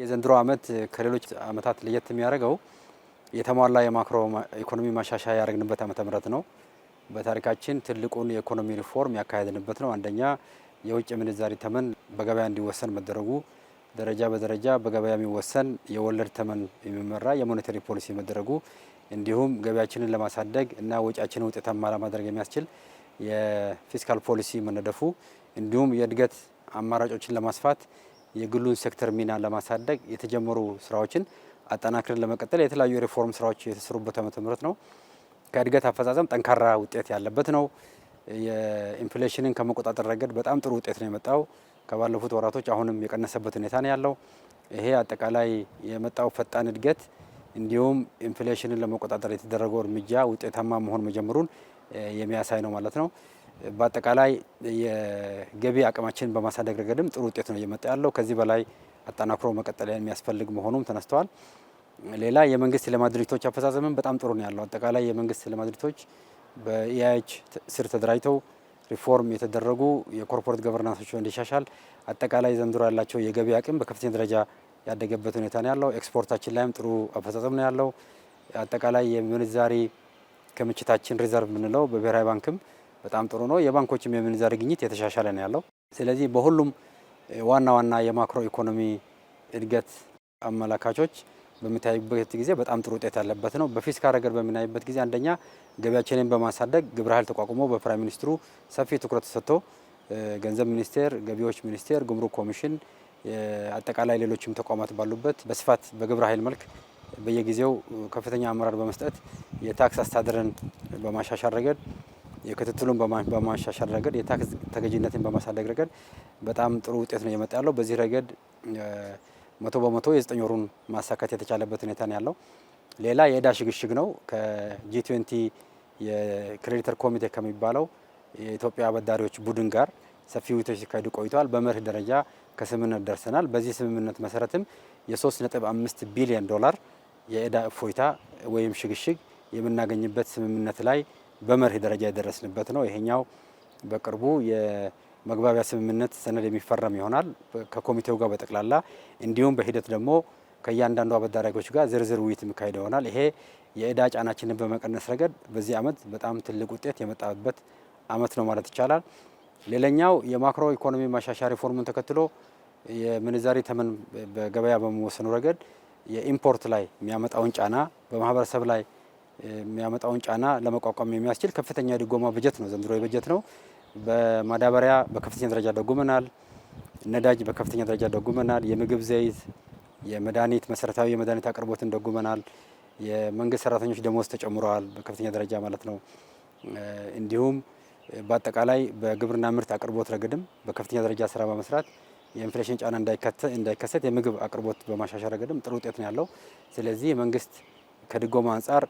የዘንድሮ ዓመት ከሌሎች ዓመታት ለየት የሚያደርገው የተሟላ የማክሮ ኢኮኖሚ ማሻሻያ ያደረግንበት ዓመተ ምህረት ነው። በታሪካችን ትልቁን የኢኮኖሚ ሪፎርም ያካሄድንበት ነው። አንደኛ የውጭ ምንዛሪ ተመን በገበያ እንዲወሰን መደረጉ፣ ደረጃ በደረጃ በገበያ የሚወሰን የወለድ ተመን የሚመራ የሞኔታሪ ፖሊሲ መደረጉ፣ እንዲሁም ገበያችንን ለማሳደግ እና ወጪያችንን ውጤታማ ለማድረግ የሚያስችል የፊስካል ፖሊሲ መነደፉ፣ እንዲሁም የእድገት አማራጮችን ለማስፋት የግሉን ሴክተር ሚና ለማሳደግ የተጀመሩ ስራዎችን አጠናክረን ለመቀጠል የተለያዩ የሪፎርም ስራዎች የተሰሩበት ዓመተ ምህረት ነው። ከእድገት አፈጻጸም ጠንካራ ውጤት ያለበት ነው። የኢንፍሌሽንን ከመቆጣጠር ረገድ በጣም ጥሩ ውጤት ነው የመጣው። ከባለፉት ወራቶች አሁንም የቀነሰበት ሁኔታ ነው ያለው። ይሄ አጠቃላይ የመጣው ፈጣን እድገት እንዲሁም ኢንፍሌሽንን ለመቆጣጠር የተደረገው እርምጃ ውጤታማ መሆን መጀመሩን የሚያሳይ ነው ማለት ነው። በአጠቃላይ የገቢ አቅማችንን በማሳደግ ረገድም ጥሩ ውጤት ነው እየመጣ ያለው። ከዚህ በላይ አጠናክሮ መቀጠል የሚያስፈልግ መሆኑም ተነስተዋል። ሌላ የመንግስት ልማት ድርጅቶች አፈጻጸምም በጣም ጥሩ ነው ያለው። አጠቃላይ የመንግስት ልማት ድርጅቶች በኢአይች ስር ተደራጅተው ሪፎርም የተደረጉ የኮርፖሬት ገቨርናንሶች እንዲሻሻል አጠቃላይ ዘንድሮ ያላቸው የገቢ አቅም በከፍተኛ ደረጃ ያደገበት ሁኔታ ነው ያለው። ኤክስፖርታችን ላይም ጥሩ አፈጻጸም ነው ያለው። አጠቃላይ የምንዛሪ ክምችታችን ሪዘርቭ የምንለው በብሔራዊ ባንክም በጣም ጥሩ ነው። የባንኮችም የምንዛሪ ግኝት የተሻሻለ ነው ያለው። ስለዚህ በሁሉም ዋና ዋና የማክሮ ኢኮኖሚ እድገት አመላካቾች በምታይበት ጊዜ በጣም ጥሩ ውጤት ያለበት ነው። በፊስካል ረገድ በምናይበት ጊዜ አንደኛ ገቢያችንን በማሳደግ ግብረ ኃይል ተቋቁሞ በፕራይም ሚኒስትሩ ሰፊ ትኩረት ተሰጥቶ ገንዘብ ሚኒስቴር፣ ገቢዎች ሚኒስቴር፣ ጉምሩክ ኮሚሽን፣ አጠቃላይ ሌሎችም ተቋማት ባሉበት በስፋት በግብረ ኃይል መልክ በየጊዜው ከፍተኛ አመራር በመስጠት የታክስ አስተዳደርን በማሻሻል ረገድ የክትትሉን በማሻሻል ረገድ የታክስ ተገዥነትን በማሳደግ ረገድ በጣም ጥሩ ውጤት ነው የመጣ ያለው። በዚህ ረገድ መቶ በመቶ የዘጠኝ ወሩን ማሳካት የተቻለበት ሁኔታ ነው ያለው። ሌላ የእዳ ሽግሽግ ነው። ከጂ ትዌንቲ የክሬዲተር ኮሚቴ ከሚባለው የኢትዮጵያ አበዳሪዎች ቡድን ጋር ሰፊ ውይይቶች ሲካሄዱ ቆይተዋል። በመርህ ደረጃ ከስምምነት ደርሰናል። በዚህ ስምምነት መሰረትም የ ነጥብ አምስት ቢሊዮን ዶላር የእዳ እፎይታ ወይም ሽግሽግ የምናገኝበት ስምምነት ላይ በመርህ ደረጃ የደረስንበት ነው። ይሄኛው በቅርቡ የመግባቢያ ስምምነት ሰነድ የሚፈረም ይሆናል ከኮሚቴው ጋር በጠቅላላ እንዲሁም በሂደት ደግሞ ከእያንዳንዱ አበዳሪዎች ጋር ዝርዝር ውይይት የሚካሄድ ይሆናል። ይሄ የእዳ ጫናችንን በመቀነስ ረገድ በዚህ ዓመት በጣም ትልቅ ውጤት የመጣበት አመት ነው ማለት ይቻላል። ሌላኛው የማክሮ ኢኮኖሚ ማሻሻያ ሪፎርሙን ተከትሎ የምንዛሪ ተመን በገበያ በመወሰኑ ረገድ የኢምፖርት ላይ የሚያመጣውን ጫና በማህበረሰብ ላይ የሚያመጣውን ጫና ለመቋቋም የሚያስችል ከፍተኛ ድጎማ በጀት ነው ዘንድሮ የበጀት ነው። በማዳበሪያ በከፍተኛ ደረጃ ደጉመናል። ነዳጅ በከፍተኛ ደረጃ ደጉመናል። የምግብ ዘይት፣ የመድኃኒት መሰረታዊ የመድኃኒት አቅርቦትን ደጉመናል። የመንግስት ሰራተኞች ደሞዝ ተጨምረዋል በከፍተኛ ደረጃ ማለት ነው። እንዲሁም በአጠቃላይ በግብርና ምርት አቅርቦት ረገድም በከፍተኛ ደረጃ ስራ በመስራት የኢንፍሌሽን ጫና እንዳይከሰት የምግብ አቅርቦት በማሻሻል ረገድም ጥሩ ውጤት ነው ያለው። ስለዚህ የመንግስት ከድጎማ አንጻር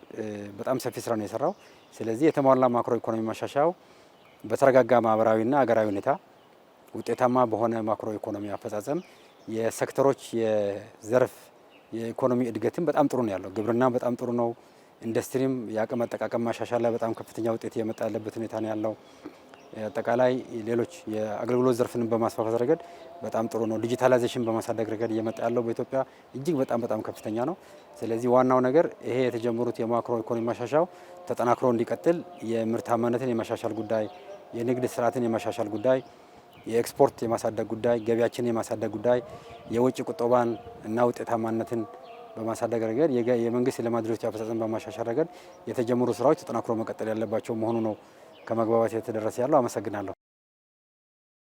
በጣም ሰፊ ስራ ነው የሰራው። ስለዚህ የተሟላ ማክሮ ኢኮኖሚ ማሻሻያው በተረጋጋ ማህበራዊና አገራዊ ሁኔታ ውጤታማ በሆነ ማክሮ ኢኮኖሚ አፈጻጸም የሴክተሮች የዘርፍ የኢኮኖሚ እድገትም በጣም ጥሩ ነው ያለው። ግብርና በጣም ጥሩ ነው። ኢንዱስትሪም የአቅም አጠቃቀም ማሻሻል ላይ በጣም ከፍተኛ ውጤት የመጣ ያለበት ሁኔታ ነው ያለው። አጠቃላይ ሌሎች የአገልግሎት ዘርፍን በማስፋፋት ረገድ በጣም ጥሩ ነው። ዲጂታላይዜሽን በማሳደግ ረገድ እየመጣ ያለው በኢትዮጵያ እጅግ በጣም በጣም ከፍተኛ ነው። ስለዚህ ዋናው ነገር ይሄ የተጀመሩት የማክሮ ኢኮኖሚ ማሻሻው ተጠናክሮ እንዲቀጥል የምርታማነትን የማሻሻል ጉዳይ፣ የንግድ ስርዓትን የማሻሻል ጉዳይ፣ የኤክስፖርት የማሳደግ ጉዳይ፣ ገቢያችንን የማሳደግ ጉዳይ፣ የውጭ ቁጠባን እና ውጤታማነትን በማሳደግ ረገድ የመንግስት ልማት ድርጅቶች አፈጻጸም በማሻሻል ረገድ የተጀመሩ ስራዎች ተጠናክሮ መቀጠል ያለባቸው መሆኑ ነው ከመግባባት የተደረሰ ያለው። አመሰግናለሁ።